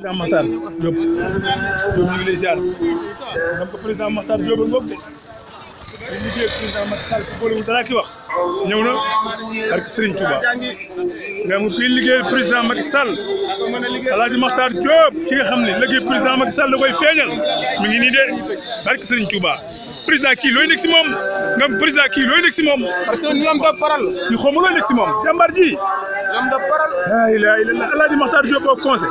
président Makhtar Diop ñu ngi lay ziar donc président Makhtar Diop ak bopp de dañuy liggéey ak président Macky Sall ku boole wu dara ki wax ñëw na barke Serigne Touba nga mu kuy liggéeyal président Macky Sall Alaaji Makhtar Diop ci nga xam ne liggéey président Macky Sall da koy feeñal mi ngi nii de barke Serigne Touba président kii looy nekk si moom nga président kii looy nekk si moom. parce que l'homme de parole. ñu xamul looy nekk si moom jàmbaar ji. l'homme de parole. la ilaha illallah Alaaji Makhtar Diop au conseil.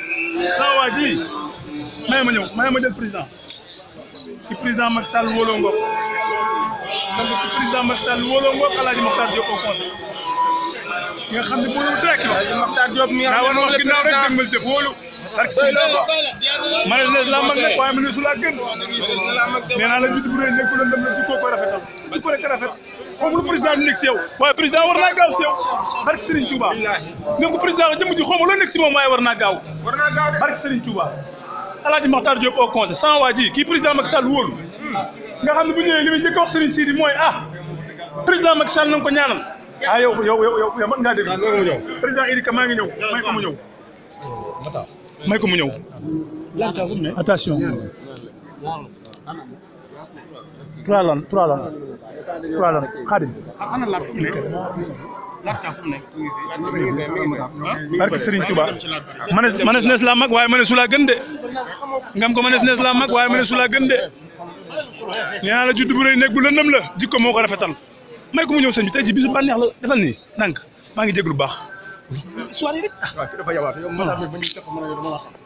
saa waa ji may ma ñëw ma jël président ci président Macky sal wóoloo ngoog donc ci président Macky Sall wóoloo ngoog El Hadj Mokhtar Diop au conseil yi nga xam ne mënul tekki wax. Mokhtar Diop mi nga xam ne moom la président daa war a wax ginnaaw rek la laa mag ne su laa gën la gis bu dee la ci rafetal ci ko rek rafet. comme lu président di nekk si yow waaye président war o gaaw si yow barke Serigne Touba même bu président jëm ji xawma loo nekk si moom waaye war naa gaaw barke Serigne Touba Alaaji Maxtaar Diop au conseil sans waa ji kii président Macky Sall wóolu nga xam ne bu ñëwee li muy o wax Serigne Sidi mooy ah président Macky Sall na nga ko ñaanal ah yow yow yow yow man ngaa dégg président Idi Ka maa ngi ñëw may ko mu ñëw may ko mu ñëw attention trois lan trois lan trois lan xaadim ah, barke Serigne Touba manes manes nees laa mag waaye manes su laa gën de ngam ko manes nees laa mag waaye manes su gën de nee naa la judd bu rëy nekk bu lëndëm la jikko moo ko rafetal may ko ñëw sëñ bi tey ji bisu la defal nii ndànk maa ngi jéglu baax soirée